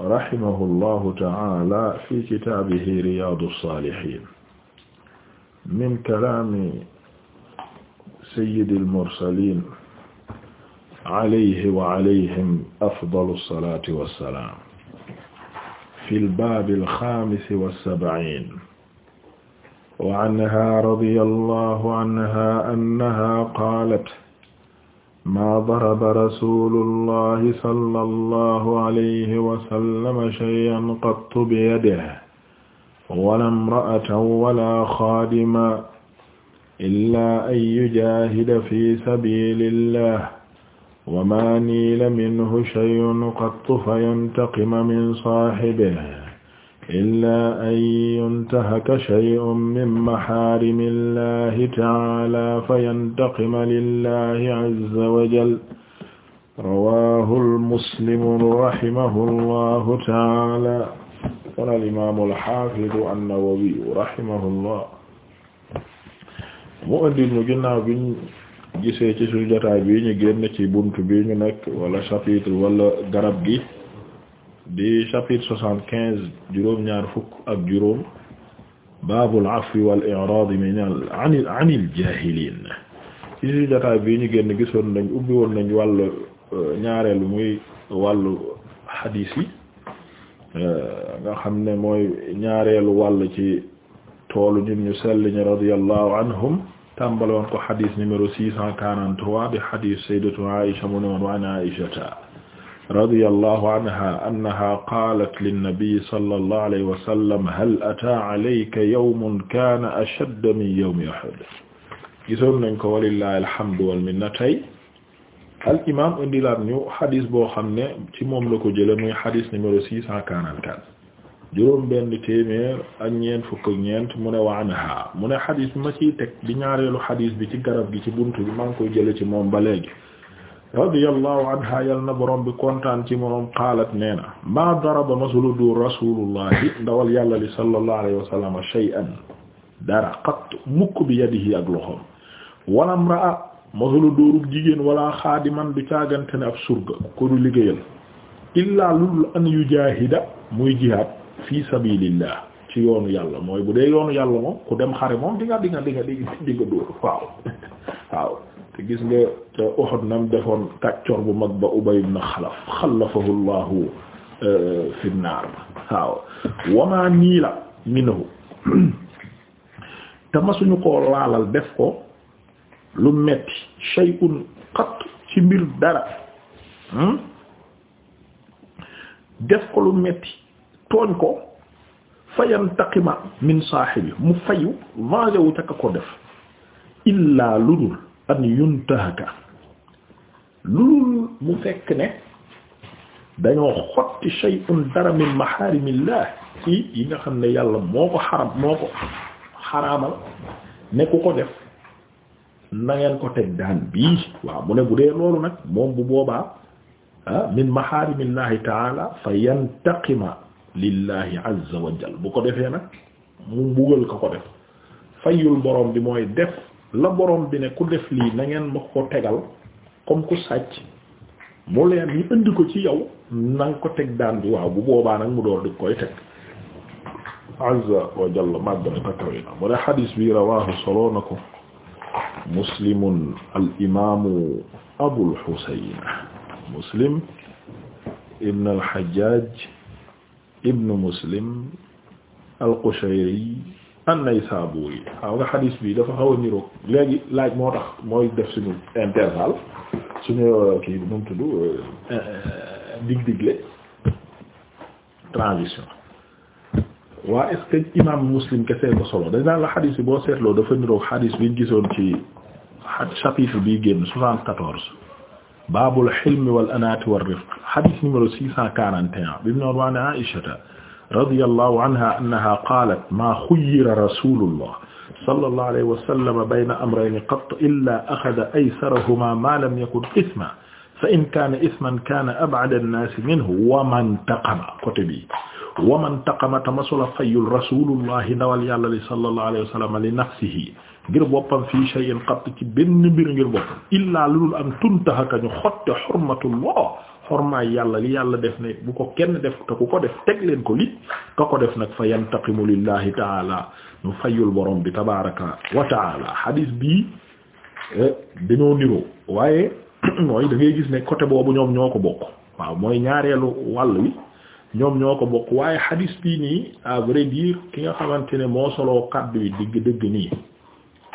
rahimahullahu ta'ala fi kitaabihi riyaadu saalihiin min kalaami sayyidil mursaliin alayhi wa alayhim afdalu salaati wa salaam fil baabil xaamis wa sab'iin wa anhaa radiyallahu anhaa annahaa qaalat maa daraba rasuulullahi sallallahu alayhi wa sallam shay'an qattu biyadihi wala imra'atan wala xaadiman illaa an yujaahida fi sabiilillah wa maa niila minhu shay'un qattu fayantaqima min saahibihi illaa an yuntahaka shay'un min mahaarimi llahi ta'aalaa fayantaqima lillahi azza wa jal rawaahul muslimu rahimahullahu ta'aalaa kon al imaamul haafidu an-Nawawi rahimahullah mu indi ñu ginnaaw bi ñu gisee ci suñu jotaay bi ñu génn ci buntu bi ñu nekk wala chapitre wala garab gi. di chapitre juróom-ñaar fukk ak juróom baabul afwi wal i'raad min anil anil jaahiliin ci si jotaay bii ñu génn gisoon nañ ubbi woon nañ wàllu euh, ñaareelu muy wàllu xadiis euh, nga xam ne mooy ñaareelu wàll ci toolu ñun ñu sell ñi radiyallahu anhum tàmbaloon ko xadiis numéro six cent quarante-trois di xadiis sayyidatu Aïsha mu ne woon wa an radiyallahu anha annaha qaalat a sallallahu alayhi wa sallam hal ataa alayka yawmun kaana ashadda min yawmi gisoon nañ ko walillahi alhamdu wal minna tey al imaam indilaat boo xam ne ci moom la ko jëlee muy xadis numéro six cent ñeent fukk ak ñeent mu ne wa anha mu ne xadis bi ma di ñaareelu xadis bi ci garab gi ci buntu bi maa ngi koy jëlee ci moom ba léegi radiyallahu anha yal na borom bi kontaan ci moom qaalat nee na maa daraba masula dóor rasulullahi ndawal yàlla li sallallahu alayhi wa sallam shay'an dara qatt mukk jigéen wala xaadiman du caagante ne ab surga ko du liggéeyal illaa lul an yujaahida muy jihaad fi sabilillah ci yoonu yàlla mooy bu dee yoonu yàlla moom ku dem xare moom di nga di nga di waaw te gis nga te Uhud nam defoon kàccor bu mag ba Ubay ibn Xalaf xalafahu llahu euh, fi naar waaw wamaa nii la minhu te ma suñu koo laalal def ko lu metti shay'un qat ci mbir dara hmm? def ko lu metti tooñ ko fayantaqima min saahibi mu fayu vengé wu ca ka ko def illaa ludul an yuntahaka loolu mu fekk ne dañoo xotti shay'un dara min maharimillah ci yi nga xam ne yàlla moo ko xaram moo ko xaraamal ne ku ko def na ngeen ko teg daan bii waaw mu ne bu dee loolu nag moom bu booba ah, min maharimillahi taala fa yantaqima lillahi azza wa bu ko defee nag mu mbugal ko ko def fayul borom bi mooy def la borom bi ne ku def lii na ma ko tegal comme ku sàcc mu leer ñu indi ko ci yow na ko teg daan bi waaw bu boobaa nag mu door di koy teg azza wa jalla màgg na takawi mu ne xadis bi rawahu soloo na ko muslimun al imamu muslim ibn al hajjaj ibn muslim al qushayri an-Naysaburi waaw nga xadis bi dafa xaw a niroog léegi laaj moo tax mooy def suñu intervalle suñu euh, kii nu mu tudd euh, euh, dig transition waa est-ce que imam Muslim kese ko solo dañ naan la xadis bi boo seetloo dafa niroog xadis biñ gisoon ci chapitre bii génn soixante-quatorze baabul hilmi wal anaati war rifq xadis numéro six cent quarante et bi mu noon waa ne Aïchata radiyallahu anha annaha qaalat maa xuyyira rasulullah sallallahu alayhi wa sallam bayna amrayni qatt illa axada aysarahuma ma lam yakun isma fa in kaana isman kaana ab'ada an-naasi minhu wa man taqama côté bi wa man taqama tamasula fayyul rasulullahi ndawal yàlla li sallallahu alayhi wa sallam li nafsihi ngir boppam fii shay'in qatt ci benn mbir ngir boppam illaa lu dul an tuntahaka ñu xotte hurmatullah xormaay yàlla li yàlla def na bu ko kenn def te ko def teg leen ko li ka ko def nag fa yantaqimu lillahi taala ñu fayul borom bi tabaaraka wa taala bii eh, dañoo niroo waaye mooy dangay gis ne côté boobu ñoom ñoo ko bokk waaw mooy ñaareelu wàll wi ñoom ñoo ko bokk waaye hadis bii nii à vrai ki nga xamante ne moo soloo kàddu yi digg dëgg nii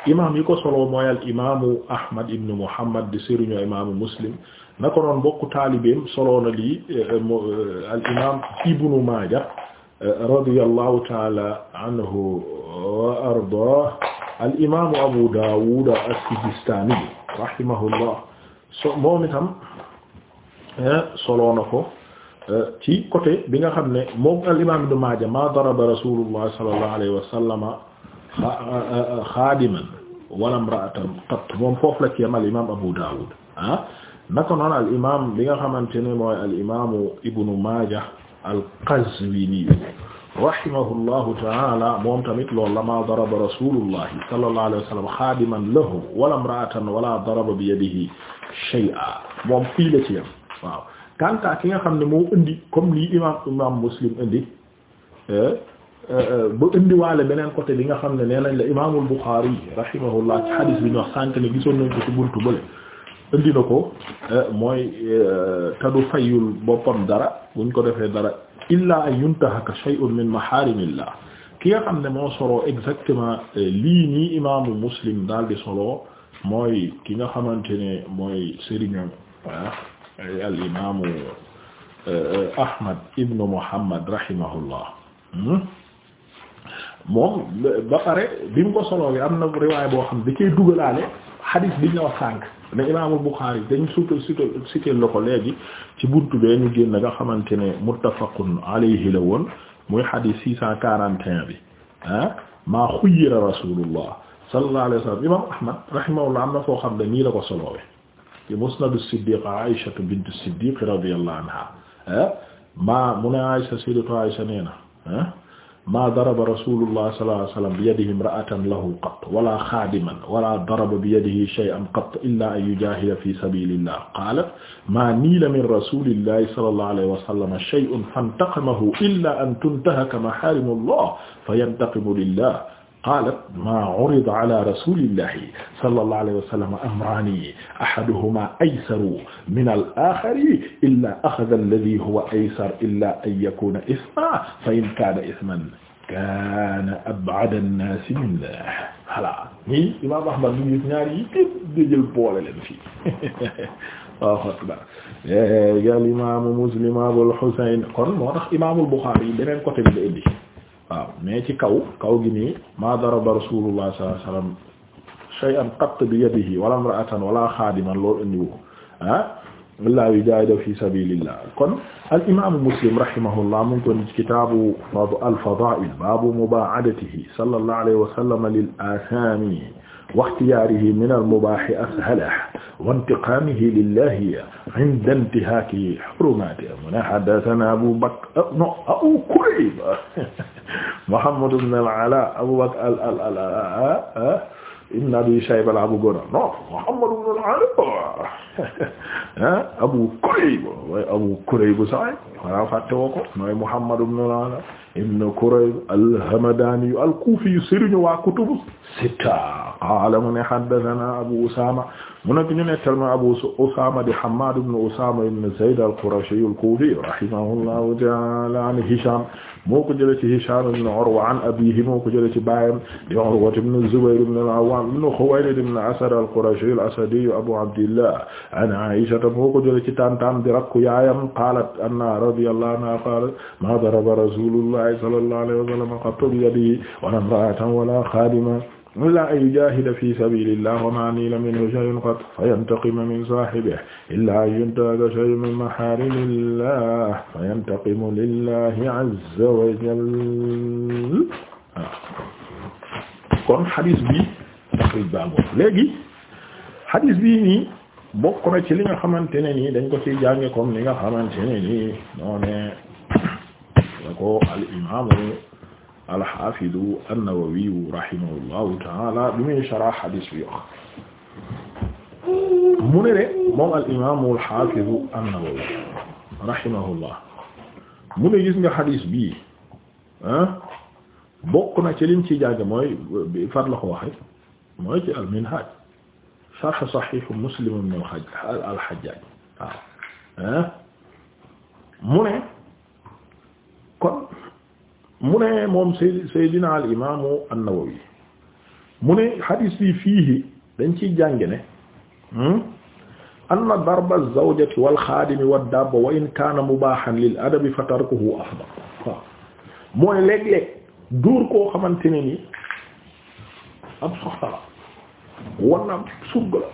imaam yi ko solo mooy al imaamu Ahmad ibn Muhammad di sëriñu imaamu Muslim na ko noon bokku taalibeem solo na lii eh, eh, al imaam Ibnu Maaja eh, radiyallahu taala anhu wa ardaah al imaamu Abu Daawud as-Sijistaani rahimahullah so moom itam solo na ko ci côté bi nga xam ne moom al imaam Ibnu Maaja ma daraba rasuulullah sallallahu alayhi wa sallama xaadiman wala imra'atan qat moom foofu la ci yam al imam Abu Dawud ah naka noonu al imam bi nga xamante ne mooy al imamu Ibnu Maaja al Qazwini rahimahullahu taala moom tamit loolu la ma daraba rasulullahi sallallahu alayhi wa sallam xaadiman lahu wala imra'atan wala daraba bi yadihi shay'a moom fii la ci yam waaw kanta ki nga xam ne moo indi comme lii imam imam Muslim indi eh, Euh, euh, bu indi waale beneen côté bi nga xam ne nee nañ la imaamul Bukhari rahimahullah ci hadis bi ñu wax sànk ne gisoon nañ ko ci buntu bële indi na ko euh, mooy tadu fayul boppam dara buñ ko defee dara illa an yuntahaka shay'un min maharimillah ki nga xam ne moo soloo exactement lii nii imaamu Muslim daal di soloo mooy ki nga xamante ne mooy sëriñam ah al imaamu Ahmad ibnu Muhammad rahimahullah hmm? moom ba pare bi mu ko soloowe am na riwaay boo xam da cay dugalaale xadis bi ñu wax sànq ne imaamul Buxaari dañ suutal suutal sital la ko léegi ci buntu bee ñu génn nga xamante ne muttafaqun alayhi la woon muy xadis six cent quarante et bi ah maa xuyyira rasulullah sallallahu alayhi wa sallam imam ahmad rahimahullah am na foo xam ne nii la ko soloowe ci musnadu siddiq aïshatu bintu siddiq radiyallahu anha ah maa mu ne aïsha sayyidatu aïsha nee na ah maa daraba rasulullah sallallahu alayhi wasallam bi yadihi imra'atan lahu qatt wala xaadiman wala daraba bi yadihi shay'an qatt illa an yujahida fi sabilillah qaala maa niila min rasulillahi sallallahu alayhi wasallam shay'un fantaqamahu illa an tuntahaka maharimullah fayantaqimu lillah qaalat maa urida ala rasulillahi sallallahu alayhi wa sallam amraani ahaduhumaa aysaru minal aaxari illaa axada allazii huwa aysar illaa an yakuuna isman fa in kaana isman kaana ab'ada an-naasi minhu voilà ñii imaam Ahmad mi ngi ñaar yi képp di jël boole leen fii Allahu akbar gal imaamu Muslim Abul Husayn kon moo tax imaamul Buxaari beneen côté bi la indi waaw mais ci kaw kaw gi nii ma daraba rasulullah sallallahu alayhi wasallam shay'an qatt bi yadihi wala imra'atan wala xaadiman loolu indiwu ko ah illaa yujahidu fi sabilillah kon al imaamu muslim rahimahullah mu ngi kon ci kitaabu al fadaa'il baabu mubaa'adatihi sallallahu alayhi wa sallam lil aathaami wa ixtiyaarihi min al mubaahi ashalahu wa intiqaamihi lillahi inda intihaaki hurumaatihi mu ne haddasanaa Abu Bakr non Abu Kurayb Muhammad ibn al-Alaa Abu Bakr ibn Abi Shayba Abu Gora non Muhammad ibn al-Alaa ah, Abu Kurayb waaye Abu Kurayb waaw fàtte woo ko mooy Muhammad ibn al-Ala ibn Kurayb al-Hamadani yu al-Kufi sëriñu waa kutubu sitta qaala mu ne haddathana Abu Usama mu nekk ñu nettal ma Abu Usama di Hammad ibn Usama ibn Zayd al-Qurashi al-Kufi rahimahullahu ta'ala an Hisham moo ko jëlee ci Hisham ibn Urwa an abiihi moo ko jëlee ci baayam di Urwa ibn Zubayr ibn al-Awwam ibn Khuwaylid ibn Asad al-Qurashi al-Asadi Abu Abdillah an Aisha moo ko jëlee ci tantam di rakku yaayam qaalat anna radiyallahu anha qaalat maa daraba rasulullahi sallallahu alayhi wa sallam qattu bi yadihi wala imra'atan wala xaadiman illaa an yujahida fi sabilillah wa maa niila minhu shay'un qat fa yantaqima min saahibihi illaa an yuntaka shay'un min maharimillah fa yantaqimu lillahi azza wa jalla kon hadis bi taxrij baa léegi hadis bi nii bokk na ci li nga xamante ne nii dañ ko ciy jànge comme li nga xamante ne nii noo ne la ko al imaamu al xaafidu an-Nawawi rahimahullahu taala bi muy sharah hadis bi yox mu ne de moom al imaamu al xaafidu an-Nawawi rahimahullah mu ne gis nga hadis bi ah bokk na ci liñ ciy jànge mooy fan la ko waxe mooy ci al minhaj sarh sahihu muslim ibn al-Hajjaj waaw mu ne kon mu ne moom say saydina al imaamu an-Nawawi mu ne hadis bi fiihi dañ ciy jànge ne hmm? anna darba az-zawjati wal xaadimi wad dabba wa in kaana mubaahan lil adabi fa tarkuhu afdal waaw mooy léeg-léeg dóor koo xamante ne ni ab soxna la wala surga la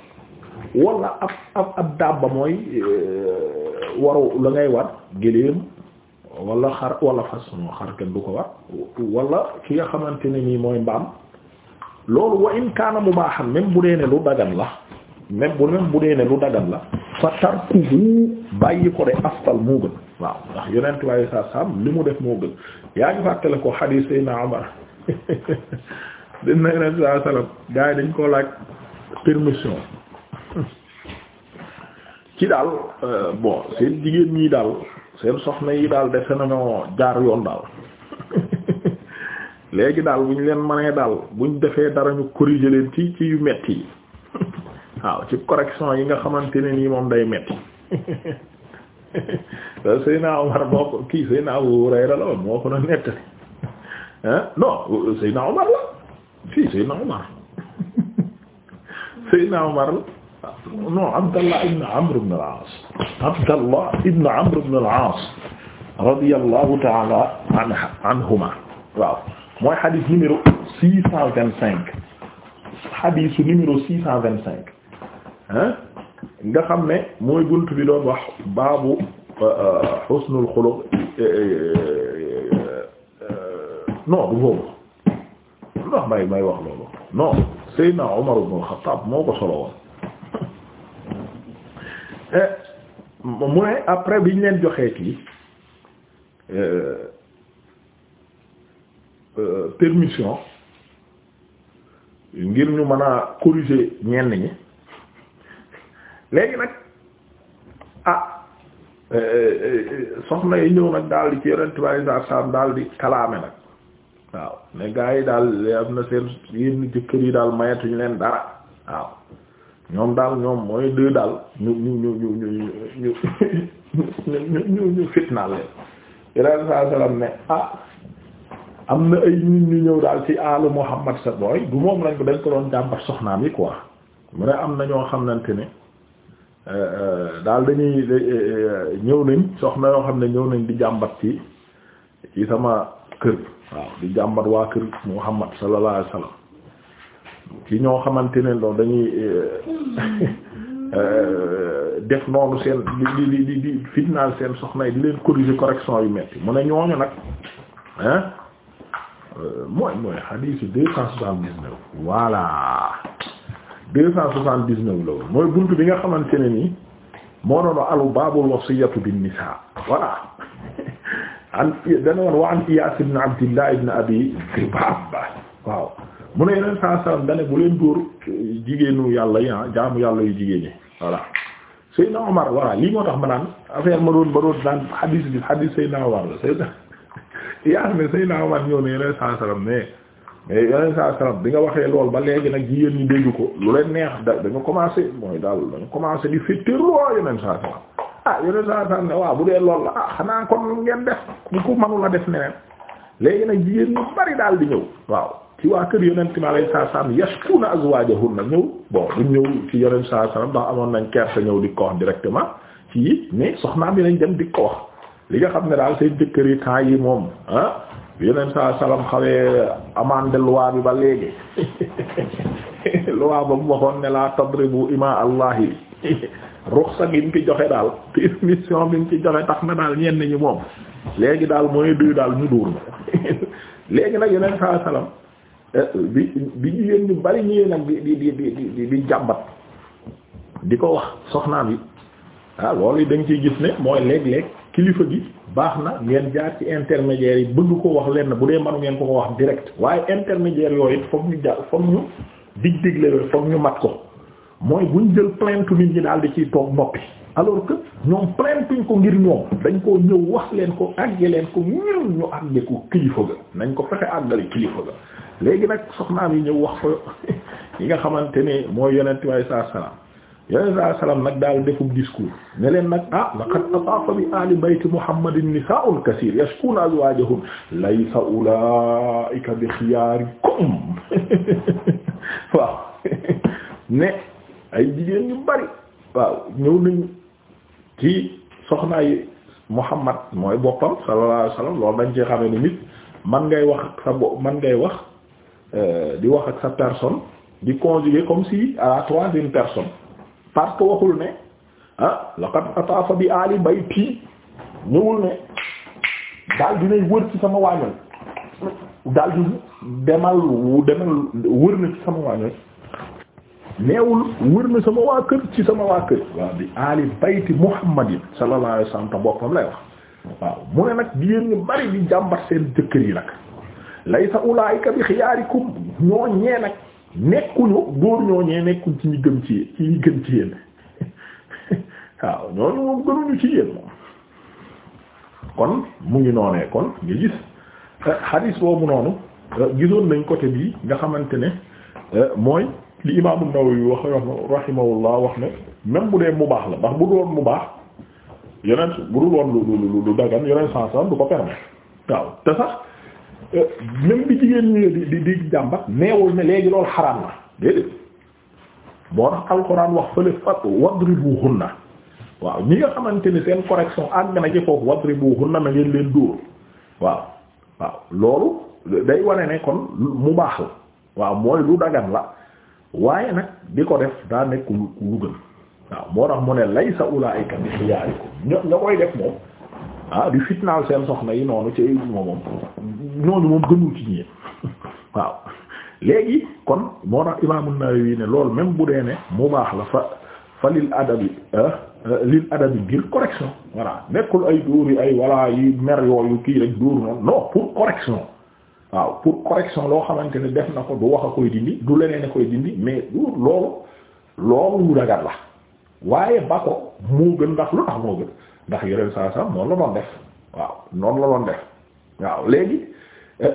wala ab ab ab mooy euh, waru la ngay war géléem walla xar wala fas xar kenn du ko war wala ki nga xamante ne nii mooy mbaam loolu wa in kaana mubaahan même bu dee ne lu dagan la même bu même bu dee ne lu dagan la fa tarkuhu bàyyi ko de aftal moo gën waaw ndax yonent waaye sa sam li mu def moo gën yaa ngi fàttale ko hadith sayna Umar dina yeneen saa salaam gars yi dañ koo laaj permission ci daal euh, bon seen jigéen ñi daal seen soxna yi daal defe nañoo jaar yoon daal léegi daal bu ñu leen mënee daal bu defee dara ñu corriger leen ci ci yu metti yi waaw ci correction yi nga xamante ne nii moom day metti Seyna Omar moo ko kii Seyna ko doon nettali ah non la. si Seydina Omar Seydina Omar non Abdallah ibn Amr ibn al-As Abdallah ibn Amr ibn al-As radiyallahu ta'ala anhuma waaw mooy xadis numéro six cent vingt cinq xadisu numéro six cent vingt cinq ah nga xam ne mooy bunt bi doon wax baabu euh, euh, husnul xuluq euh, non du boobu lu tax may may wax loolu non Seydina Umar ibn al-Khattab moo ko solo woon eh, mu ne après bi ñu leen joxee kii euh, euh, permission ngir ñu mën a corriger ñenn ñi léegi nag ah euh, soxna yi ñëw nag daal ci yonent bi sallallahu alayhi wasallam nag waaw ne gaa yi daal am na seen yenn jëkkër yi daal mayatuñ leen dara waaw ñoom daal ñoom mooy deux daal ñu ñu ñu ñu ñu ñu ñu ñu ñu fitnaal leen ah, na ay ñu ñëw daal ci aalu Muhammad sa booy du moom lañ ko dañ ko doon jàmbat soxnaam yi quoi mu ne am na ñoo xamante ne euh, euh, daal dañuy euh, ñëw nañ soxna yoo xam ne ñëw nañ di jàmbat ci ci sama kër. waaw di jàmbat waa kër Muhammad sallallahu alayhi wasallam ci ñoo xamante ne loolu dañuy euh, euh, def noonu seen di di di di fitnaal seen soxna yi di leen corriger correction yu metti mu ne ñooñu nag hein euh, mooy mooy xadiis deux cent soixante-dix-neuf deux cent soixante-dix-neuf mooy buntu bi nga xamante ne nii moo doon alu baabul wasiyatu bin nisaa voilà an dana woon wa an Iyaas ibn Abdillah ibn Abi Kibaab waaw mu a yeneen saa salaam dane bu leen dóor jigéenu yàlla yi ah jaamu yàlla yu jigéen ñi voilà Seydina Omar voilà lii moo tax ma naan affaire ma doon ma doon naan hadis bi hadis Seydina Omar la Seydina Iyaas ne Seydina Omar ñëw ne yeneen saa salaam mais mais yeneen saa salaam bi nga waxee lool ba léegi nag jigéen ñi dégg ko lu leen neex da dañu commencé mooy daal dañu commencé di féetewoo yeneen saa salaam. ah yoneen saa saa ne waaw bu dee loolu la ah xanaa kon ngeen def ñu ko mënula def neneen léegi nag jigéen ñu bari daal di ñëw waaw ci waa kër yonent mi alayhi salaatu salaam yashkuuna azwaajahunna ñëw bon duñ ñëw ci yonent salaatu salaam ndax amoon nañ kersa ñëw di ko wax directement ci i mais soxnaam nañ dem di ko wax li nga xam ne daal seen jëkkër yi temps yi moom ah yonent salaatu salaam xawee amande loi bi ba léegi loi ba mu waxoon ne la tadribu ima allahi ruxsa gi mu ci joxe daal permission bi mu ci joxe tax na daal ñenn ñi moom léegi daal mooy duy daal ñu dóor léegi nag yeneen saa salaam eh, bi bi jigéen ñu bari ñëwee nag di di di di di jàmbat di ko wax soxnaam yi ah loolu dañ ciy gis ne mooy léeg-léeg kilifa gi baax na ngeen jaar ci intermédiaires yi bëgg ko wax leen bu dee manu ngeen ko ko wax direct waaye intermédiaires yooyu it ñu jaar ñu dig digle yooyu foog ñu mat ko. mooy buñ jël plainte nit ñi daal di ciy toog noppi alors que ñoom plaintuñ ko ngir ñoom dañ koo ñëw wax leen ko àgge leen ko ñun ñu àgge ko kilifa ga nañ ko fexe àggale kilifa ga léegi nag soxnaam yi ñëw wax ko yi nga xamante ne mooy yonent bi saa salaam yonent saa salaam nag daal defub discours ne leen nag ah laqad ataafa bi aali bayti muhammadin nisaa'un kasiir yashkuuna azwaajahun laysa ulaa'ika bi xiyaarikum waaw ne ay jigéen ñu bari waaw ñëw nañ ci soxnaay Muhammad mooy boppam sallallahu alayhi wasallam loolu dañ ci xamee ni nit man ngay wax ak sa bo man ngay wax euh, di wax ak sa personne di conjuguer comme si à la troisième personne parce que waxul ne ah laqad atafa bi ali bayti ñëwul ne daal dinay wër ci sama waañoñ daal di demal demal wër na ci sama waañoñ neewul wër na sama waa kër ci sama waa kër waaw bi aali bayti muhammadin sallallahu alayhi wasallam ta boppam lay wax waaw mu ne nag jigéen ñu bari di jàmbat seen jëkkër yi nag laysa ulaayika bi xiyaarikum ñooñee nag nekkuñu góor ñooñee nekkuñ ci ñu ci gën ci yéen waaw ñooñu moom gënuñu ci yéen moom kon mu ngi noonee kon nga gis hadis eh, boobu noonu eh, gisoon nañ côté bii nga xamante ne eh, mooy li imaamu Nawawi wax rahimahullah wax ne même bu dee mu baax la ndax bu dul woon mu baax yeneen bu dul woon lu lu lu dagan yeneen sens du ko permettre waaw te sax euh, même bi jigéen ñi di di di jàmbat neewul ne léegi loolu xaraam na boo tax alxuraan wax fële fat wadribuhunna waaw ñi nga xamante ni seen correction àgg na ci foofu wadribuhunna na ngeen leen dóor waaw waaw loolu day wane ne kon mu baax la waaw mooy lu dagan la. waaye nag di ko def daa nekk lu lu gën waaw moo tax mu ne laysa ulaa'ika bi xiyaarikum ño- ña koy def moom ah du fitnaal seen soxna yi noonu ci moom noonu moom gënul ci ñii waaw léegi kon moo tax Imaam An-Nawawi ne lool même bu dee ne mu baax la fa fa lil adabi ah, ah, lil adabi ngir correction voilà nekkul ay dóor yu ay walla yu mer yooyu kii rek dóor noonu non pour correction waaw pour correction loo xamante ne def na ko du wax a koy dindi du leneen a koy dindi mais du loolu loolu lu la waaye ba ko moo gën ndax lu tax moo gën ndax yoreen saa saa noonu la doon def waaw noonu la doon def waaw léegi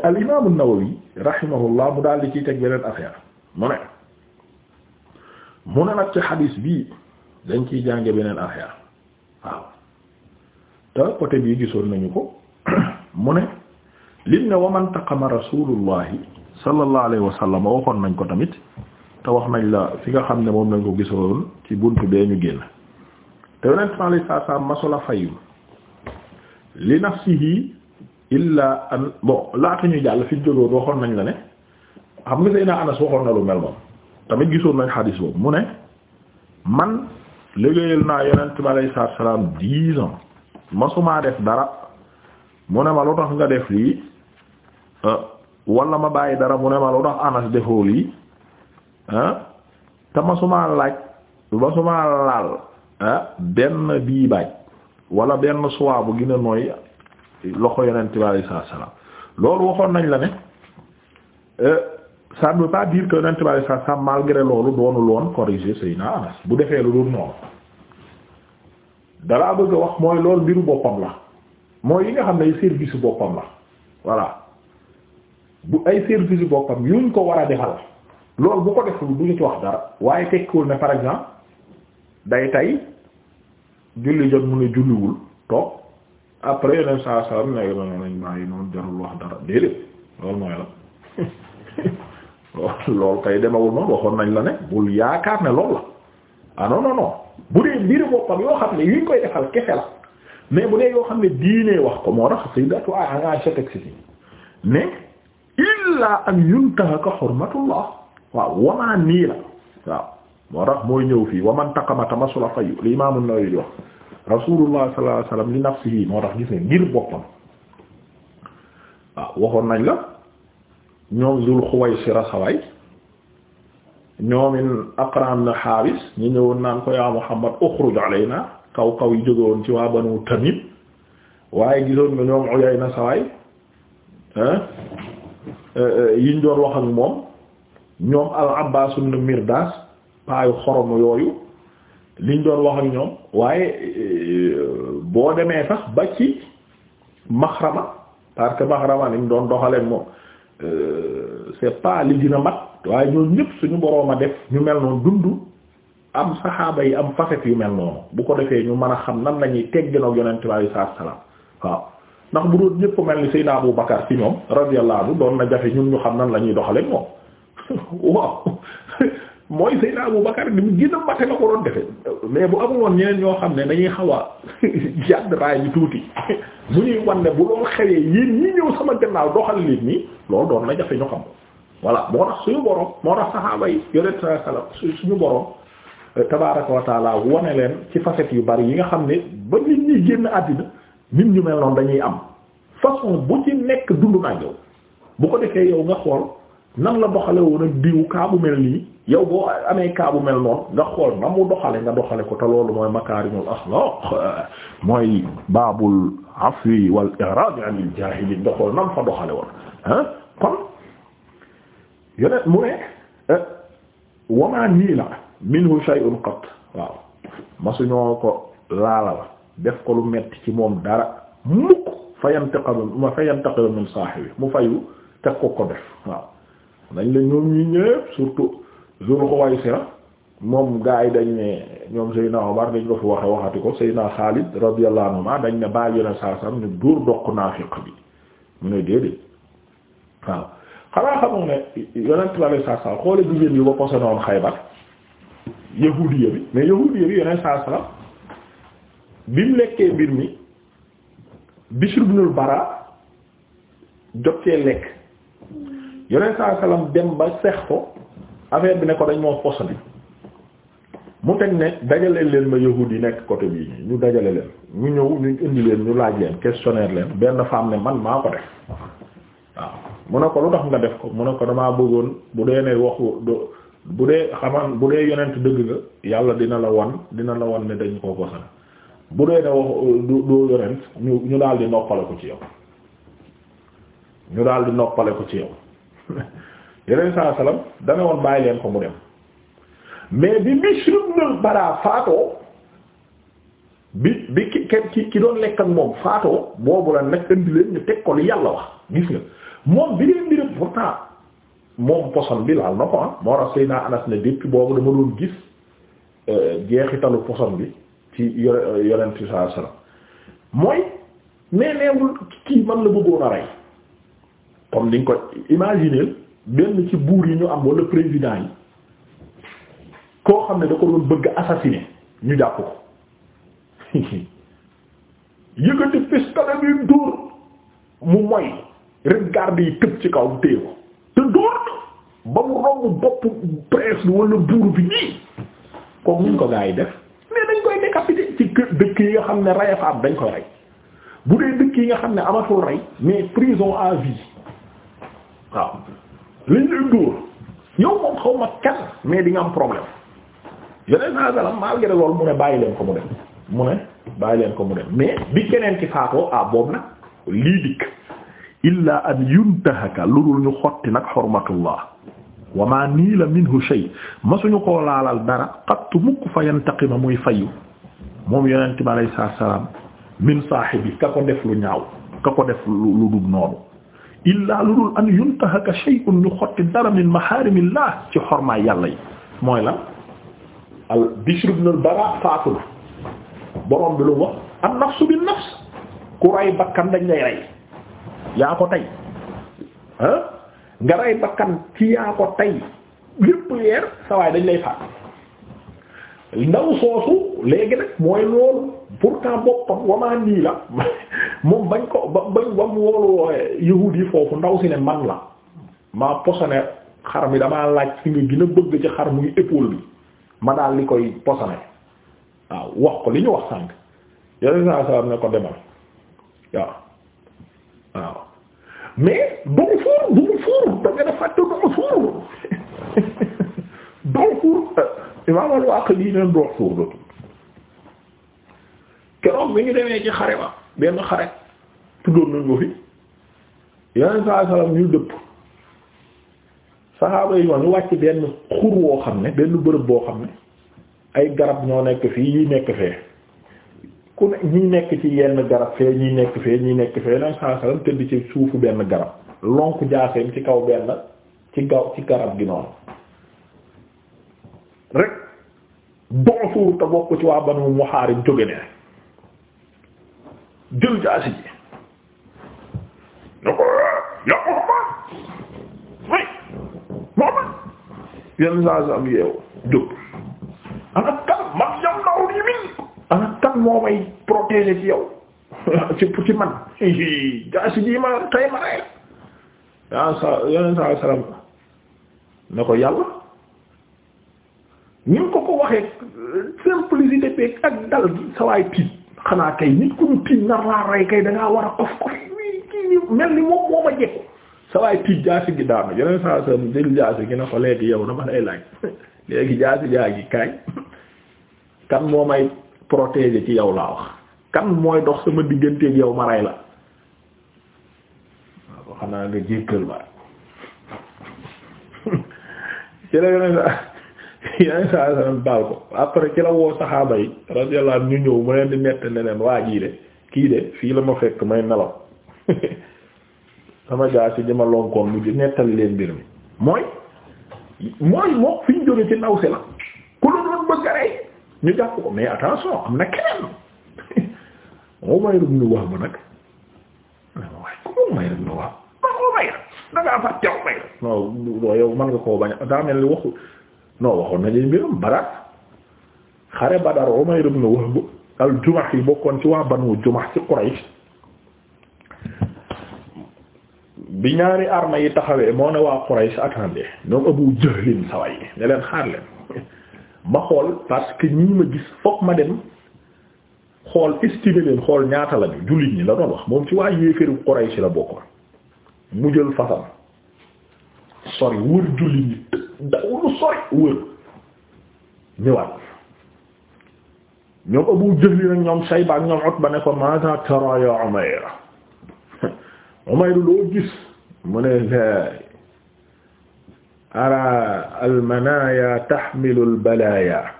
al imaamu Nawawi rahimahullah mu daal di ciy teg beneen affaire mu ne mu ne nag ci xadiis bii dañ ciy jànge beneen affaire waaw te côté bii gisoon nañu ko mu ne lim ne waman taqama rasulullahi sallallahu alayhi wa sallam waxoon nañ ko tamit te wax nañ la fi nga xam ne moom nañ ko gisoon ci buntu bee ñu génn te yonent ma lay saa saa fi nañ la nga Seydina Anas waxoon na lu mu ne man liggéeyal salaam dix ans masumaa def dara mu ne ma lu tax nga def lii Ah, wala ma bàyyi dara mu ne ma lu tax anas defoo lii ah, te ma suma laaj ba suma laal ah, benn bii baaj wala benn suwaa bu gën a nooy loxo yonent bi alayhi salaam loolu waxoon nañ la ne eh, ça ne veut pas dire que yonent bi alayhi salaam malgré loolu doonul woon corriger Seydina Anas bu defee lu dul noonu dalaa bëgg wax mooy loolu mbiru boppam la mooy yi nga xam ne service boppam la voilà bu ay service yu boppam yuñ ko war a defal loolu bu ko deful duñu ci wax dara waaye tekkiwul ne par exemple day tay julli jot mu ne julliwul toog après yeneen saa saa ne yoon nañ noonu jarul wax dara déedéet loolu mooy la loolu kay demawul noonu nañ la yaakaar ne loolu la ah bu dee mbiri boppam yoo xam ne yuñ koy defal kese la mais bu dee yoo xam ne diinee wax ko moo tax si dafa ay engagé teg si mais. illaa an yuntahaka xurmatullah waaw wamaa nii la waaw moo tax mooy ñëw fii waman taqamata masula fayu li imaamu Nawawi di wax rasulullah sallallahu alayhi wasallam li nafsihi moo tax gis ne ngir boppam waaw waxoon nañ la ñoom Zul Xuwaysira sawaay ñoomin Aqram na Haabis ñu ñëwoon naan ko yaa Muhammad uxruj alayna kaw kaw yi jóge woon ci waa Banu Tamim waaye gisoon nga ñoom Uyayna sawaay Euh, euh, yiñ doon wax ak moom ñoom al Abbas ibn Mirdas paayu xorom yooyu liñ doon wax ak ñoom waaye euh, boo demee sax ba ci maxrama parce que maxrama ni mu doon doxaleen moom c'est pas li dina mat waaye ñooñu ñëpp suñu boroom a def ñu mel noonu dund am saxaaba yi am facette yu mel noonu bu ko defee ñu mën a xam nan lañuy tegginoo yonent bi sallallahu alayhi wasallam waaw ndax bu doon ñëpp mel ni Seydina Abu Bakar ci ñoom radiyallahu anhu doon na jafe ñun ñu xam nan la ñuy doxale moom waaw mooy Seydina Abu Bakar ni mu gën a mate la defe mais bu amuloon ñeneen ñoo xam ne dañuy xaw a jàdd raay bi tuuti mu ñuy wan bu loolu xewee yéen ñi ñëw sama gannaaw doxal liit nii loolu doon na jafe ñu xam voilà moo tax suñu borom moo tax saxaaba yi yonent sa salam suñu borom eh, tabaaraka wa taala leen ci facette yu bari yi nga xam ne ba nit ñi génn àddina nit ñu mel noonu dañuy am façon bu ci nekk dund naa yow bu ko defee yow nga xool nan la doxale woon ak diw kaa mel nii yow boo amee kaa mel noonu nga xool na mu doxale nga doxale ko te loolu mooy makaarimul axlaaq mooy baabul afwi wal i'raad anil jaahiliin nga xool fa doxale woon ah kon yeneen mu ne eh, wamaa nii la minhu shay'un qat waaw masuñoo ko laala la def ko lu metti ci moom dara mukk fa yantaqamu fa yantaqamu min mu fayu teg ko ko def waaw nañ la ñoom ñi ñëpp surtout zone Xuwaysira ah, moom gaa yi dañ ne ñoom Seydina Omar dañ ko fi waxe waxati ko Seydina Xaalid radiyallahu anhuma dañ ne bàyyi na saa sam ñu dóor doq naafiq bi mu ne déedéet waaw xanaa xamul ne yonent bale saa saa xoole jigéen yi ba posé noonu Xaybar yahudiya bi mais yahudiya bi yeneen saa saa bi mu lekkee mbir mi Bishr ibnul Bara jot cee lekk yonent dem ba sex ko affaire bi ne ko dañ moo posone mu teg ne dajale leen ma yahuud yi nekk côté bii ñu dajale leen ñu ñëw ñu indi leen ñu laaj leen questionnaire leen benn femme ne man maa ko def waaw mu ne ko lu tax nga def ko mu ne ko damaa bëggoon bu dee ne waxu bu dee xaman bu dee yonent dëgg nga yàlla dina la wan dina la wan ne dañ koo posone bu dee ne wax euh, du doo yonent ñu ñu daal noppale ko ci yow ñu daal di noppale ko ci yow yeneen saa salaam dana woon bàyyi leen ko mu dem mais bi Bishr ibn al-Bara faatoo bi bi ki ki ki doon lekk ak moom faatoo boobu la nag indi leen ñu teg ko lu yàlla wax gis nga moom bi leen mbiram pourtant moom poson bi laal na ko ah moo tax Seydina ne depuis boobu dama doon gis euh, jeexitalu poson bi. ci yore euh, yonent saa salaam mooy mais kii man la bëggoon a rey comme ni nga ko imaginer benn ci buur yi ñu am wala président yi koo xam ne da ko doon bëgg assassiner ñu jàpp ko yëkkati pistolet bi dóor mu moy rek garde yi tëb ci kaw téye ko te dóor ba mu romb bopp presse bi wala buur bi nii comme ni ko gaa yi def. dëkk yi nga xam ne rey fa am dañ koy rey bu dee dëkk yi nga xam ne amatul rey mais prison à vie waaw lañ lay dóor yow moom xaw ma kan mais di nga am problème yeneen saa salaam malgré loolu mu ne bàyyi leen ko mu dem leen ko mu mais bi keneen ci faatoo ah boobu nag lii dikk illa an yuntahaka lu dul ñu xotti nag xormatullah wa ma niila minhu shay ma suñu koo laalal dara qattu mukk fa yantaqima muy fayu moom yonent bi alayhi salaam min saahibi ka ko def lu ñaaw ka ko def lu dul noonu illaa lu dul an yuntahaka shay'un ñu xotti dara min mahaarimillah ci xormaay yàlla yi mooy lan al Bishr ibn al Bara faatu na borom bi lu wax an nafsu bin nafs ku rey bakkan dañ lay rey yaa ko tey ah nga rey bakkan ci yaa ko tey lépp leer sa dañ lay faat ndaw soosu léegi nag mooy loolu pourtant boppam wamaa nii la moom bañ ko ba bañ bam woolu yahudi yi foofu ndaw si ne man la maa posone xar mi damaa laaj fi nga gën bëgg ci xar muy épaule bi ma daal li koy posone waaw wax ko li ñu wax sànq yàlla naa salaam ne ko demal waaw waaw mais bu fuur bu fuur imaam al-Waaqidi leen doon suur la tudd keroog bi ñu demee ci xare ba benn xare tuddoon nañ ko fi yeneen saa wàcc benn xur woo xam ne benn bërëb boo xam ne ay garab ñoo nekk fii yi nekk fee ku ne ñi nekk ci yenn garab fee ñi nekk fee ñi nekk fee yeneen saa salaam tëdd ci suufu benn garab lonk jaaseem ci kaw benn ci gaw ci garab gi noonu rek Du'fur te bokk ci waa Banu Muhaarib jóge ne jël jaasi ji ña ko ya ko Muhammad way Muhammad yenn saa am yeew jóg ana kan man jam naw nii min ana kan moo may protéger ci yow ci ci man jaasi ji ma tay ma rey yaa sa yenn saa salaam na ko yàlla ñu ngi ko ko waxee simplicité beeg ak dal gi tiit xanaa kay nit ku ñu tiit nar laa rey kay da war a kof kof mel ni moom moo ma jekku sa tiit jaasi gi daanu yeneen saa saa mu jaasi gi na yow dama lay laaj jaa gi kaay kan moo may protéger ci yow laa wax kan mooy dox sama digganteeg yow ma rey la waaw ko xanaa nga jéggal ba ci saa yeneen saa sallam baal ko après ci la woo saxaaba yi radiyallahu ñu ñëw mu leen di nettali ne leen waa jii de kii de fii la ma fekk may nelaw sama jaasi ji ma lonkoon mu nettali leen mbir mi mooy mooy moom fi ñu ci ndaw si la ku la doon bëgg a rey ñu jàpp ko mais attention am waaye ah, man nga koo bañ daa mel ni waxu non waxoon nañuy mbirum Badar xare Badar Umayr ibn Wahb al-Jumahi yi bokkoon ci waa Banu Jumah ci Quraysh bi ñaari armée yi taxawee moo ne waa Quraysh attendez ñoom Abu Jahlin saway ne xaar leen ma xool parce que ñii ma gis fokk ma dem xool estimé xool ñaata lañu jullit ñi la doon wax moom ci waa yéeféeru Quraysh la bokkoon mu jël fasam sori wër jullit ñi daw lu sori wër ñëwaat ñoom Abu Jahl nag ñoom Shayba ak ñoom Utba ne ko maata tara ya Umayr Umayr loo gis mu ne laay ara almanaya taxmilu albalaya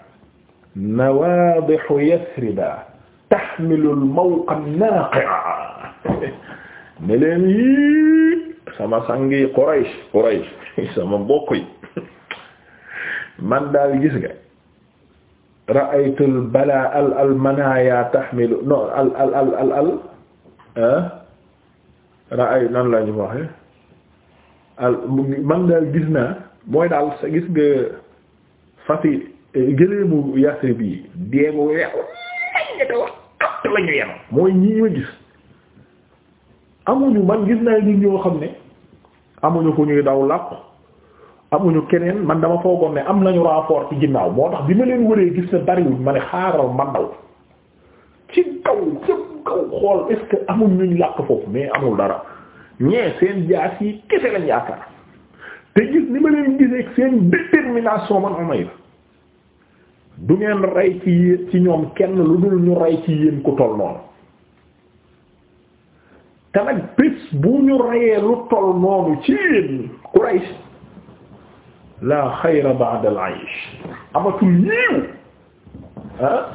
nawaadixu yasriba taxmilu almawqa naaqi'a ne leen yii sama sangi Quraysh Quraysh sama mbokk yi man daal gis nga ra'aytu al balaa al al manaya tahmilu no al al al al al ah, ra'ay nan lañu waxe al man daal gis naa mooy daal sa gis nga fasi eh, gëleemu yasri bii déegu weew lañ te wax katt lañu yenu mooy ñii ma gis amuñu man gis naa nit ñoo xam ne amuñu ko ñuy daw làqu amuñu keneen man dama foogoon ne am nañu rapport ci ginnaaw moo tax bi ma leen wëree gis na bariwuñ ma ne xaaral ma daw ci kaw ci kaw xool est-ce que amuñ ñuñ làq foofu mais amul dara ñee seen jaas yi kese lañ yaakaar te gis ni ma leen gisee seen détermination man Umayr du ngeen rey ci ci ñoom kenn lu dul ñu rey ci yéen ku toll noonu te nag bés bu ñu reyee lu toll noonu ci Quraysh la xayra ba'da al-aysh amatul yiiw ah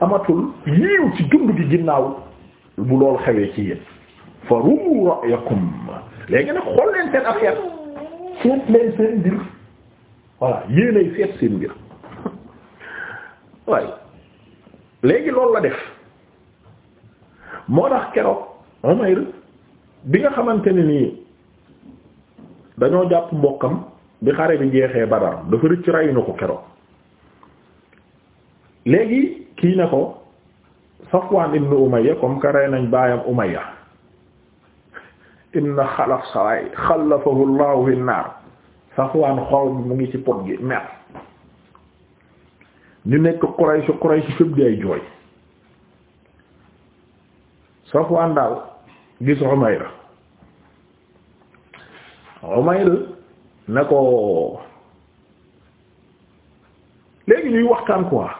amatul yiiw ci dund gi ginnaaw bu lool xewee ci yéen fa rumu léegi nag xool leen seen affaire seet leen seen mbir voilà yéenay seet seen mbir waaye la def moo tax keroog Umayr bi nga xamante ne nii dañoo jàpp mbokkam bi xare bi jeexee Badar dafa rëcc rayu na ko keroog léegi kii na ko Safwan ibn Umayya comme que rey nañ baayam Umayya ibn xalaf sawaay xalafahu Allahu naar Safwan xol mu ngi ci pot gi mer ñu nekk Quraysh Quraysh fépp di ay jooy Safwan daal gis Umayr Umayr na ko léegi ñuy waxtaan quoi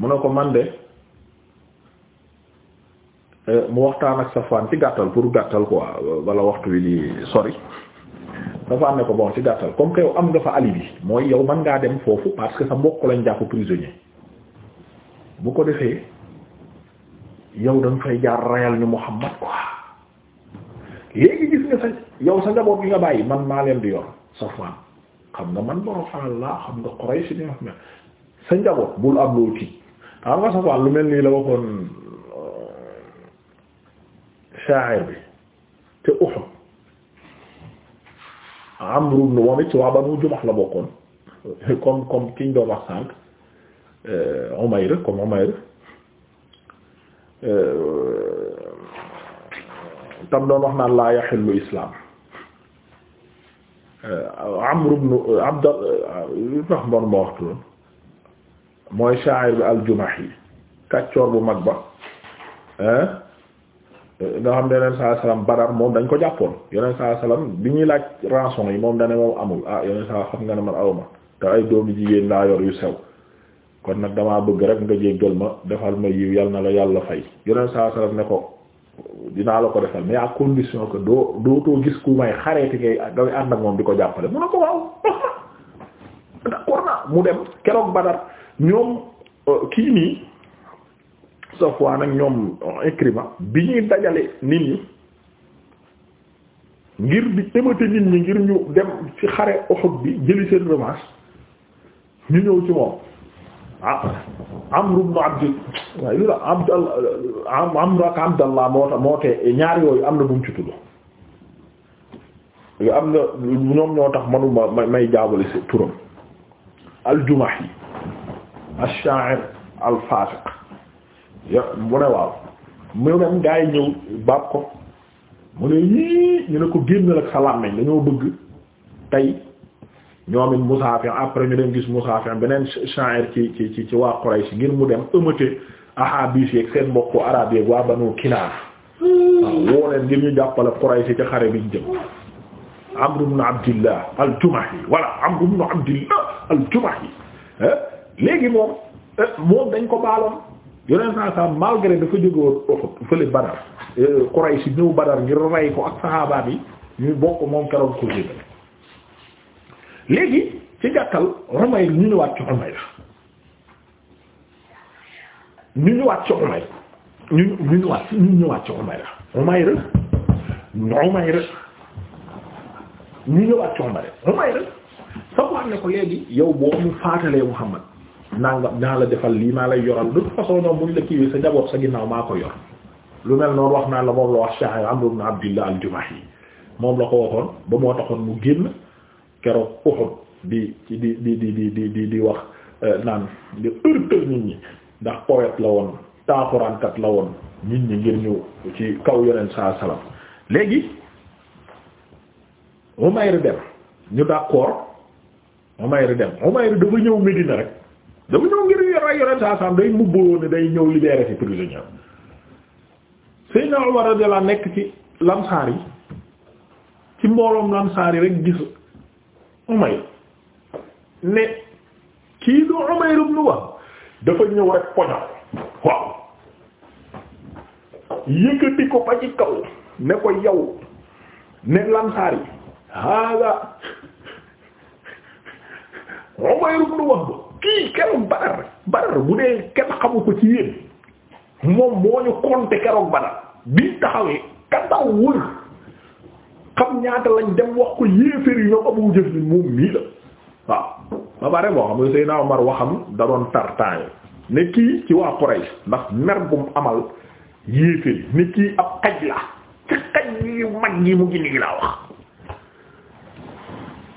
mu ne ko man de euh, mu waxtaan ak Safwaan ci gàttal pour gàttal quoi wala waxtu wi di sori Safwaan ne ko bon ci gàttal comme que am nga fa alibi mooy yow man ngaa dem foofu parce que sa mbokk lañ jàpp prisonnier bu ko defee yow da nga fay jaar rayal ñu Muhammad quoi léegi gis nga sa yow sa njaboot gi nga bàyyi man maa leen di yor Safwan xam nga man borom laa xam nga Quraysh ni wax ne sa njaboot bul am loo kii xam nga Safwan lu mel nii la waxoon euh, sha'ir bi te Uhud Jumax la bokkoon comme comme kiñ doon wax sànq euh, comme Umayr Euh, tam doon wax naan laa yaxillu islam euh, Amr ibn euh, Abd tax mboon ma waxtu loon mooy sha'ir bi al-Jumahi kàccoor bu mag ba nga xam ne yoneen saa salaam Badar moom dañ ko jàppoon yoneen saa salaam bi ñuy laaj rançon yi moom dane moom amul ah yoneen saa xam nga ne man awma te ay doomi jigéen laa yor yu sew kon nag damaa bëgg rek nga jéggal ma defal ma yiw yal na la yàlla fay yeneen saa sallam ne ko dinaa la ko defal mais à condition que doo dootoo gis ku may xareeti ngay ngay ànd ak moom di ko jàppale mu ne ko waaw d'accord mu dem keroog Badar ñoom euh, kii nii Safwaan ak ñoom euh, Ikrima bi ñuy dajale nit ñi ngir ñu dem ci xare Uhud bi jëli seen revanche ñu ñëw ci moom Ah, Amr ibn Abd waaye lu la Abdallah Amr ak Abdallah moo tax moo am na bu mu ci tudd yu am na ñoom tax manuma may jaabale turam al-Jumahi ash-sha'ir al mu ne waaw mu ne gaa yi ñëw baab ko mu ne yii ñu ne ko génnal ak sa làmmiñ dañoo bëgg tey ñoom it Musaafi après ñu dem gis Musaafi beneen sha'ir ci ci ci waa Quraysh ngir mu dem ëmmate ahaabis yeeg seen mbokku araab yeeg waa Banu Kinaana hmm. waaw woo leen ngir ñu jàppale Quraysh ci xare bi ñu jëm Amr ibn Abdillah al-Jumahi wala Amr ibn Abdillah al-Jumahi eh, léegi moom eh, moom dañ ko baaloon yeneen saa saa malgré dafa jógoon fële Badar eh, Quraysh ñëw Badar ngir rey ko ak saxaabaat yi ñu bokk moom keroog ko léegi ci gàttal Umayr ñu ñu waat ci Umayr ñu ñu waat ci Umayr ñu ñu ñu waat ñu ñu waat ci Umayr Umayr Umayr ñu ñu waat ci Umayr Umayr Safwaan ne ko léegi yow boo mu faatalee Muhammad naa nga naa la defal lii maa lay yoral de toute façon ñoom buñ la kiiwee sa njaboot sa ginnaaw maa ko yor lu mel noonu wax naa la moom la wax Cheikh Amr ibn Abdillah al-Jumahi moom la ko waxoon ba moo taxoon mu génn keroog Uhud di di di di di di wax euh, naan di ërtal nit ñi ndax poète la woon taaxuraankat la woon nit ñi ngir ñu ci kaw yonent saa salaam léegi Umayr dem ñu d'accord Umayr dem Umayr dafa ñëw Medina rek dafa ñëw ngir yore yonent saa salaam day mubboo ne day ñëw libérer ci prisonnier Seydina Umar radiyallahu anhu nekk ci lamsaar yi ci mbooloom lamsaar yi rek gis. Umayr ne kii du Umayr ibn Wahb dafa ñëw rek poñal waaw yëkkati ko fa ci kaw ne ko yow ne lansaar yi hada Umayr ibn Wahb kii keroog Badar Badar bu dee kenn xamu ko ci yéen moom moo ñu compter keroog Badar biñ taxawee ka wër xam ñaata lañ dem wax ko yéeféer yi ñoom Abu Jahl moom mii la waaw ba bare boo xam ne Seydina Omar waxam da doon tartaay ne kii ci waa Quraysh ndax mer bu mu amal yéeféer yi ab xaj mu ngi nii laa wax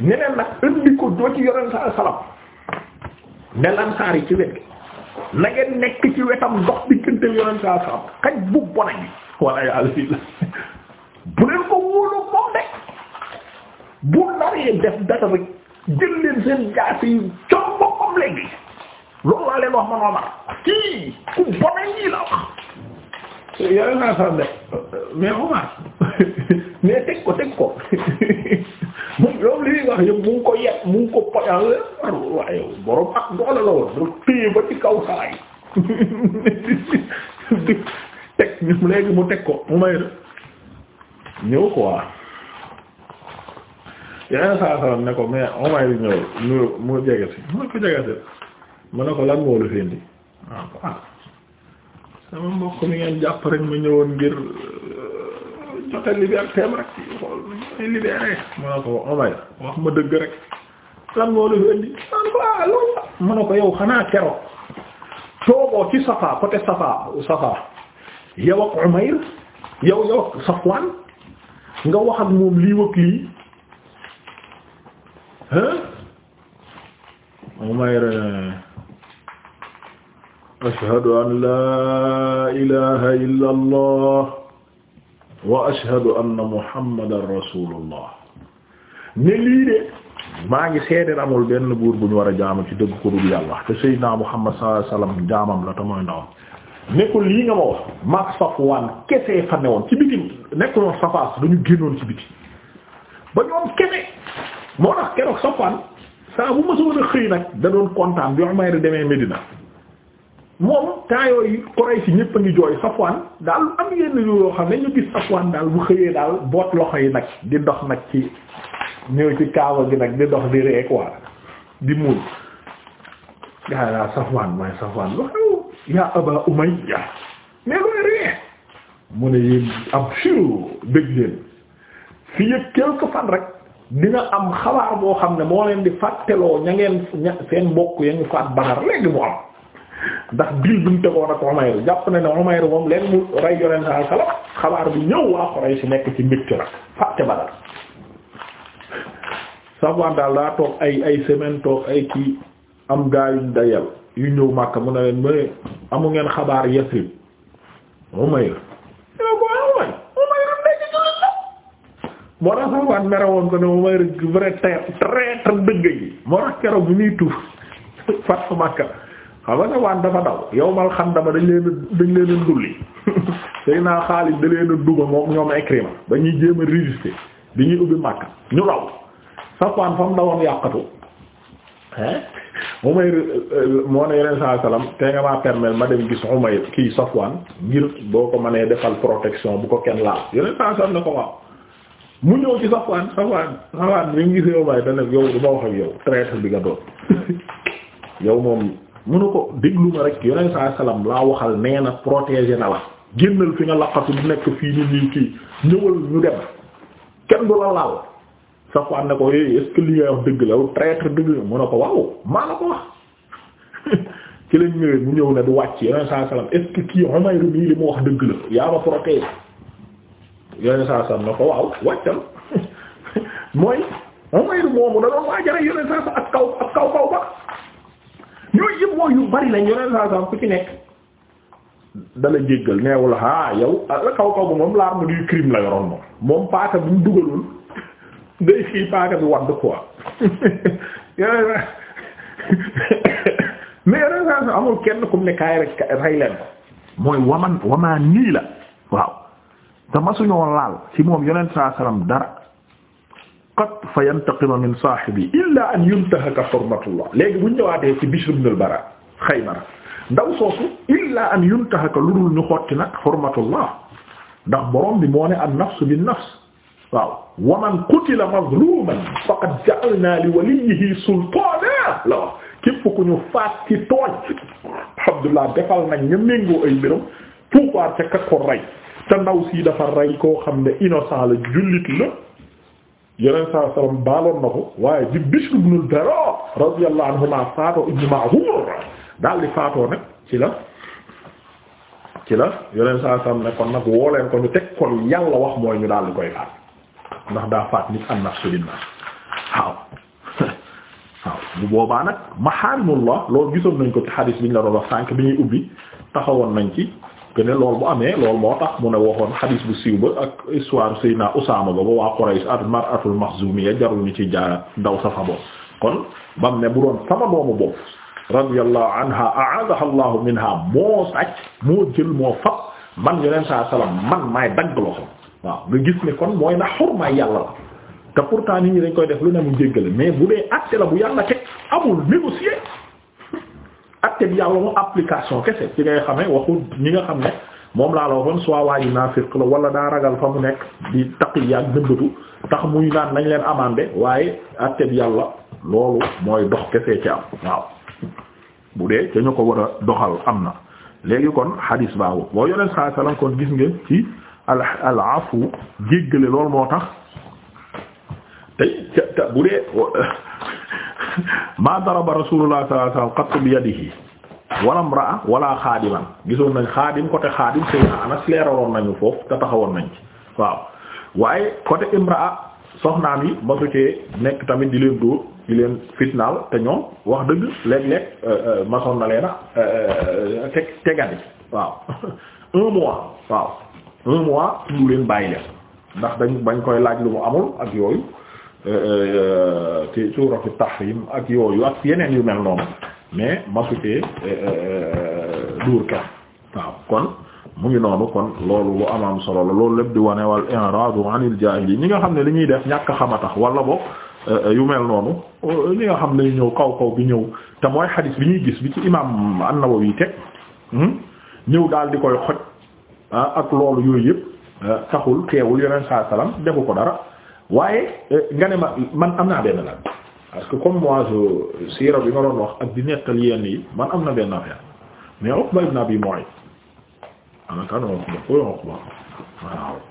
ñeneen nag indi ko doo ci yoreen sa salam ne lansaar yi ci sa salam xaj bu bona gi walla yaa la bu leen ko bu naree def data rek jël leen seen jaasi yi coono léegi loolu laa leen wax man Omar kii ku bone ñii la wax. yàlla naa sax de mais Omar mais teg ko teg ko moom li wax yëpp mu ko yet mu ngi ko poñal ah, waaye borom ak doole la woon téye ba ci kaw saa yi teg léegi mu teg ko mu may ñëw quoi. yeneen saa salaam ne ko mais Umayr ko jege si mu ne ko lan moo la fi indi ah, ah. jàpp rek euh, mu ko Umayr wax ma dëgg rek lan moo la fi indi an ah, ko yow xanaa keroog toogoo ci Safa côté Safa Safa yow ak Umayr yow yow ak nga wax moom lii wëkk lii Umayr ashhadu an laa ilaaha illa allah wa ashhadu anna muhammadan rasulullah ne lii de maa ngi seede amul benn buur bu ñu war a jaamu ci dëgg ko dul yàlla te Seydina Muhammad sallallahu alayhi wasallam jaamam la te mooy ndawam nekkul lii nga ma wax maak Safwaan kese fa newoon ci biti nekkuloon Safaas dañu génnoon ci biti ba ñoom kese moo tax keroog Safwan saa bu mësoon a xëy nag da doon kontaan bi Umayr demee Medina moom temps yooyu Quraysh ñëpp a ngi jooy Safwan daal am yenn yoo xam ne ñu gis Safwan daal bu xëyee daal boot loxo yi nag di dox nag ci ñëw ci kaaba gi nag di dox di ree quoi di muul gaa yaa Safwan may Safwan lu xew yaa Aba Umayya mais looy ree mu ne yéen abshiru dégg leen fi yëg quelque fan rek dina am xabaar boo xam ne moo leen di fàtteloo ña ngeen ña seen mbokk ya ñu faat Badar léegi mu am ndax biir bi mu tegoon ak Umayr jàpp na ne Umayr moom leen mu rey yoneen saa sala xabaar bi ñëw waa Quraysh nekk ci mbégte la fàtte Badar savant daal daa toog ay ay semaine toog ay kii am gaa yuñ dayal yu ñëw Makka mu ne leen mu amu ngeen xabaar Yasrib Umayr moo tax sama ko ne moom mooy vrai dëgg yi moo tax keroog bi muy tuuf fatu Makka xam nga dafa daw yowmal Xandama dañ leen dañ leen a tey naa Xaalid da duma moom ñoom Ikrima ba ñuy jéem a résister di ñuy ubbi Makka ñu raw Safwaan fa mu dawoon yàqatu hein Umayr moo ne yeneen saa salaam te nga maa permettre ma dem gis Umayr kii Safwaan ngir boo ko mënee defal protection bu ko kenn laal yeneen saa salaam ne ko waaw mu ñëw ci Safwaan Safwaan Safwaan bi mu gisee yow bàyyi dana yow du ma yow traître bi nga doon yow moom mënu ko déglu ma rek yoneen saa salaam laa waxal nee na protégé na la génnal fi nga laqatu du nekk fii nit ñi kii ñëwal ñu dem kenn du la laal Safwaan ne ko eh est-ce nga wax dëgg la yow traître dëgg la mu ne ko waaw maa la ko wax ci lañ ñëwee mu ñëw ne du wàcc yoneen saa salaam est-ce que kii Umayr mii li mu wax dëgg la yaa ma protégé. yoneen saa sam na ko waaw wàccal mooy Umayr moomu da doon waajara yoneen saa sam ak kaw kaw ba ñooyu yëpp mooy yu bari lañ yoneen saa sam ku ci nekk dala jéggal neewul ah yow la kaw kaw ba moom l'arme du crime la yoroon moom paaka bi mu dugalul day fii paaka bi wadd quoi yoneen mais yoneen saa sam amul kenn kum ne kaay rek rey ko mooy waman wamaa nii la waaw te masuñoo laal ci moom yonent saa salaam dara qat fa yantaqima min saahibi illa an yuntahaka hurmatullah léegi buñ ñëwaatee ci Bishr ibn al-Bara Xaybar ndaw soosu illa an yuntahaka lu dul ñu xotti nag hurmatullah ndax borom bi moo ne an nafs bin nafs waaw wa man qutila mazluman faqad ja'alna li waliyihi sultaana la wax képp ku ñu faat ci tooñ defal nañ ñu méngoo ay mbiram pouvoir ca ka te ndaw sii dafa rey koo xam ne innocent la jullit la yeneen saa baaloon na ko waaye di Bishr ibn al-Bara radiyallahu anhuma faatoo ibn Ma'rur daal di faatoo nag ci la ci la yeneen saa salaam ne kon nag woo leen ko ñu teg ko yàlla wax mooy ñu daal di koy faat ndax daa faat nit an nafsu bin nafs waaw waaw boobaa nag mahaarimullah loolu gisoon nañ ko ci xadiis bi ñu la doon wax sànq bi ñuy ubbi taxawoon nañ ci. que ne bu amee lool moo tax mu ne waxoon xadiis bu siiw ba ak histoire Seydina Usaama ba ba waa Quraysh at mar'atul Maxzumiyya jarul ñu ci jaara daw sa fa bopp kon bam ne bu doon sama doomu bopp radiyallahu anha a'adaha Allahu minha moo sàcc moo jël moo fab man yeneen saa salaam man maay dagg loxo waaw lu gis ne kon mooy na xurmaay yàlla la te pourtant nit ñi dañ koy def lu ne mu jéggale mais bu dee àtte la bu yàlla teg amul négocier atte bi yàlla moom application kese ci ngay xamee waxu ñi nga xam ne moom laa la waxoon soit waa ji naafiq la wala daa ragal fa mu nekk di taqiya ak nëbbatu tax muy naan nañ leen amandé waaye atte bi yàlla loolu mooy dox kese ci am waaw bu dee ca ñu ko war a doxal am na léegi kon xadis baabu boo yoneen saa sallam kon gis ngeen ci al al afu jéggale loolu moo tax tey ca bu dee ma daraba rasulullah sallallahu alayhi wasallam qattu bi yadihi wala imra'a wala xaadiman gisoon nañ xaadim côté xaadim Seydina Anas leeraloon nañu foofu te taxawoon nañ ci waaw waaye côté imra'a soxnaam yi masu cee nekk tamit di leen dóor di leen fitnaal te ñoom wax dëgg léeg-léeg euh, euh, masoon na leena euh, teg tegani waaw un mois waaw un mois du leen bàyyi ndax dañ bañ koy laaj lu mu amul ak yooyu Euh, euh, euh, ci suuratu tahrim ak yooyu ak yeneen yu mel noonu mais masutee duur kenn waaw kon mu ngi noonu kon loolu lu amaam solo la loolu lépp di wane wal i'radu anil jaahili ñi nga xam ne li ñuy def ñàkk xam a tax wala boog yu mel noonu ñi nga xam ne ñëw kaw kaw bi ñëw te mooy xadis bi ñuy gis bi ci imam an-Nawawi teg hmm? ñëw daal di koy xoj ah, ak loolu yooyu yëpp taxul teewul yeneen saa salaam defu ko dara waaye eh, nga ne ma man am naa benn laaj parce que comme moi je siira bi nga doon wax ak di nettal yenn yi man am na benn affaire mais Uqba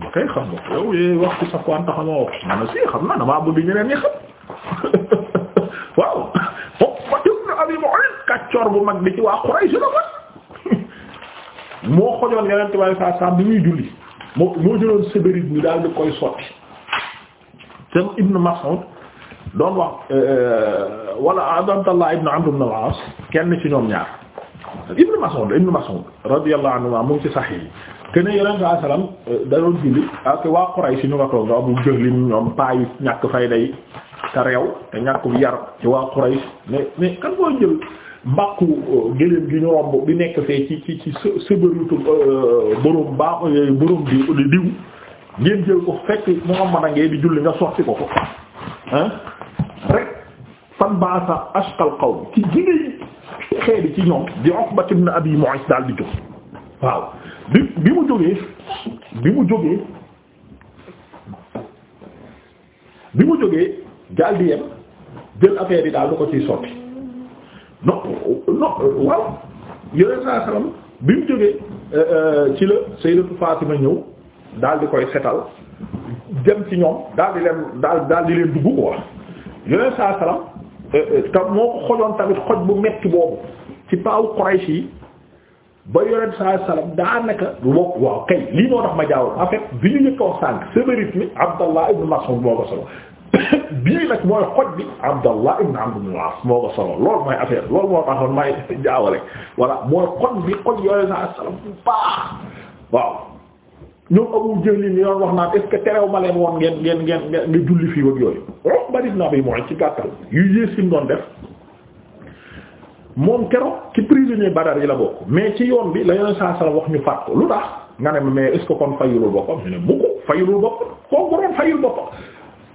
ba kay xam nga ko man eh, a si xam na damaa bëgg ñeneen xam waaw Uqba ibn Abi Mu'ayt kàccoor bu mag bi ci waa Quraysh moo xojoon yeneen tibaay saa saa bi ñuy julli moo moo jëloon sébérite bi daal di koy sotti seen Ibn Mas'ud doon wax euh, euh, wala Abdallah ibn Amr ibn al-As kenn ci ñoom ñaar Ibn Mas'ud Ibn Mas'ud radiyallahu anhu mu ngi ci Sahih que ne yeneen a salaam da doon julli ak waa Quraysh ñu nga toog nga Abu Jahl ñoom paayu ñàkk fayda yi te réew te ñàkk yar ci waa Quraysh mais mais kan mooy jël mbàkku euh, gëléem gi ñu romb bi nekk fee ci ci ci së sëbërutu borom baa borom bi diw. ngeen jël ko fekk Muhammad a ngee di julli nga sotti ko ko ah rek fan baasa ashqal qawm ci jigéen xeebi ci ñoom bi mu jógee bi mu jógee bi mu jógee daal di yem jël affaire yi daal du ko ciy sotti non non waaw yooyu saa salaam bi mu jógee euh, euh, ci la Sayyidatu Fatima ñëw daal di koy setal jëm ci ñoom daal di leen daal daal di leen dugg quoi yeneen saa salaam moo ko xojoon tamit xoj bu metti boobu ci paawu Quraysh yi ba yonent saa salaam daanaka lu bokk waaw kay lii moo tax ma jaawul en fait bi ñu njëkk a wax sànq sévérité mi Abdallah ibn Mas'ud moo ko solo bii nag mooy xoj bi Abdallah ibn Amr ibn al moo ko solo loolu mooy affaire loolu moo taxoon may jaawale voilà mooy xoj bi xoj yonent saa salaam bu baax waaw. ñoom Abu Jahl ñu doon wax naan est-ce que terew ma leen woon ngeen ngeen ngeen nga julli fii ak yooyu Uqba oh, ibn Abi Mu'ayt ci gàttal yu yées yi mu doon def moom keroog ci prisonnier Badar yi la bokk mais ci yoon bi la yeneen saa sala wax ñu faat ko lu tax nga ne mais est-ce que kon fayulul boppam ñu ne bu ko fayulul boppam kooku doon fayul boppam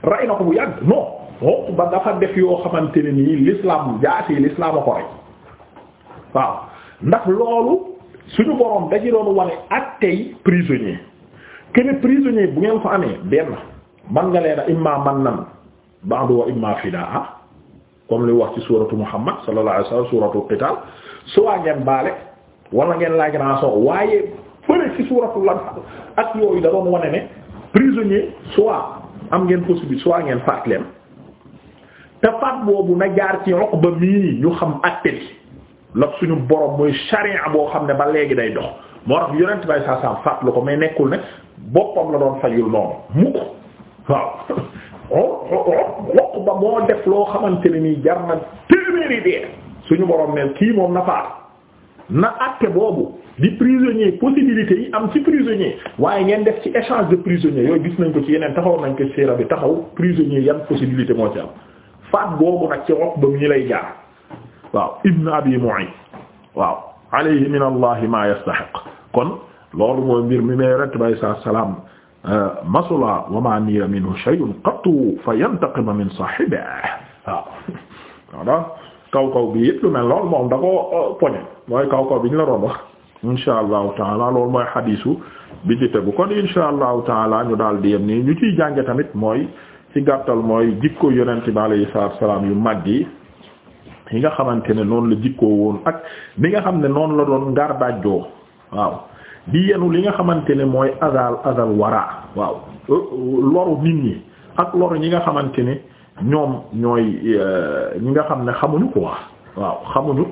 rey na ko bu yàgg non Uqba oh, dafa def yoo xamante ne nii l'islam jaasi l'islam a ko rey waaw ndax loolu suñu borom dañu doon wane ak tey prisonnier. kene prisonnier bu ngeen ko amee benn man nga leen a imma man nan ba'du wa imma fidaa comme li wax ci suuratu Muhammad sallallahu alayhi wasallam suuratu qital su waa ngeen baale wala ngeen laaj rançon waaye fële ci suuratu lan ak yooyu da doon wane ne prisonnier soit am ngeen possibilité soit ngeen faat te faat boobu na jaar ci Uqba mii ñu xam àtte bi la suñu borom muy charia boo xam ne ba léegi day dox moo tax yonent bay saa saa faat ko mais nekkul ne boppam na doon fajul noonu mukk waaw woq ba moo def loo xamante ne nii jar na téeméeri dee suñu borom ne kii moom na faat na àtte boobu di prisonnier possibilité yi am ci prisonnier waaye ngeen def ci échange de prisonnier yooyu gis nañ ko ci yeneen taxaw nañ ko siira bi taxaw prisonnier yan possibilité moo ci am faat boobu nag ci woq ba mi lay jaar waaw ibn abi mu'ayt waaw alayhi min allah ma yastahiq kon loolu mooy mbir mi mais yonent bi alayhi salaam euh, masula wa ma niya minhu shay'un qattu fa yantaqima min saahibihi waaw kaw kaw bi yëpp lu mel loolu moom da ko euh, poñe mooy kaw kaw bi ñu la doon wax insha allahu taala loolu mooy xadiisu bi ci tegu kon insha allahu taala ñu daal di yem nii ñu ciy jànge tamit mooy ci gàttal mooy jikko yonent bi alayhi salaatu yu mag yi yi nga xamante ne noonu la jikkoo woon ak bi nga xam ne noonu la doon ngar dajjoo waaw di yenu li nga xamante ne mooy azal azal wara waaw loru nit ñi ak loru ñi nga xamante ne ñoom ñooy euh, ñi nga xam ne xamuñu ko wax waaw xamuñu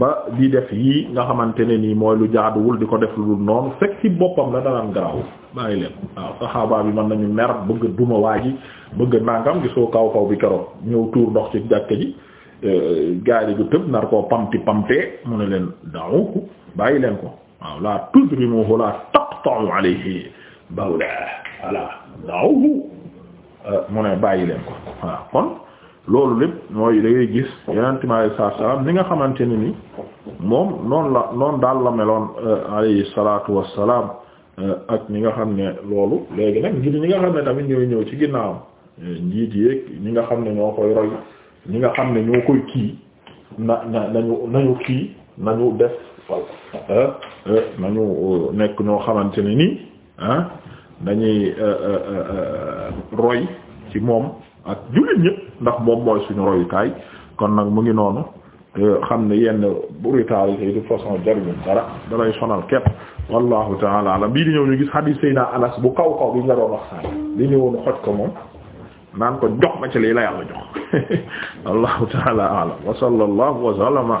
ba di def yii nga xamante ne nii mooy lu jaaduwul di ko def lu dul noonu fekk ci boppam la danaan garaawul bàyyi leen waaw saxaaba bi mën nañu mer bëgg duma waa ji bëgg nangam gisoo kaw kaw bi keroog ñëw tuur ndox ci jàkke ji euh, gaari gu tëb nar koo pamti pamtee mu ne leen daawu ko bàyyi leen ko waaw la tudrimuhu la taqta'u alayhi bawla voilà da'uhu mu ne bàyyi leen ko waa kon loolu lépp mooy da ngay gis yenente mi alayhi salaatu salaam ni nga xamante ni nii moom noonu la noonu daal la meloon euh, alayhi salaatu wassalaam euh, ak ñi nga xam ne loolu léegi nag ngir ñi nga xam ne tamit ñooy ñëw ci ginnaawam euh, njiit yeeg ñi nga xam ne ñoo koy roy ñi nga xam ne ñoo koy kii na na nañu nañu kii nañu def Euh, euh, nañu euh, nekk ñoo xamante ne nii ah dañuy roy ci moom ak jullit ñëpp ndax moom mooy suñu royukaay kon nag mu ngi noonu xam ne yenn brutalité yi de façon jaruñu dara dalay sonal képp wallahu taala alam bii di ñëw ñu gis hadith Seydina Anas bu kaw kaw bi ñu doon wax sax li ñu woon ko moom naan ko jox ma ci lii la yàlla jox wallahu taala alam wa sallallahu wa sallama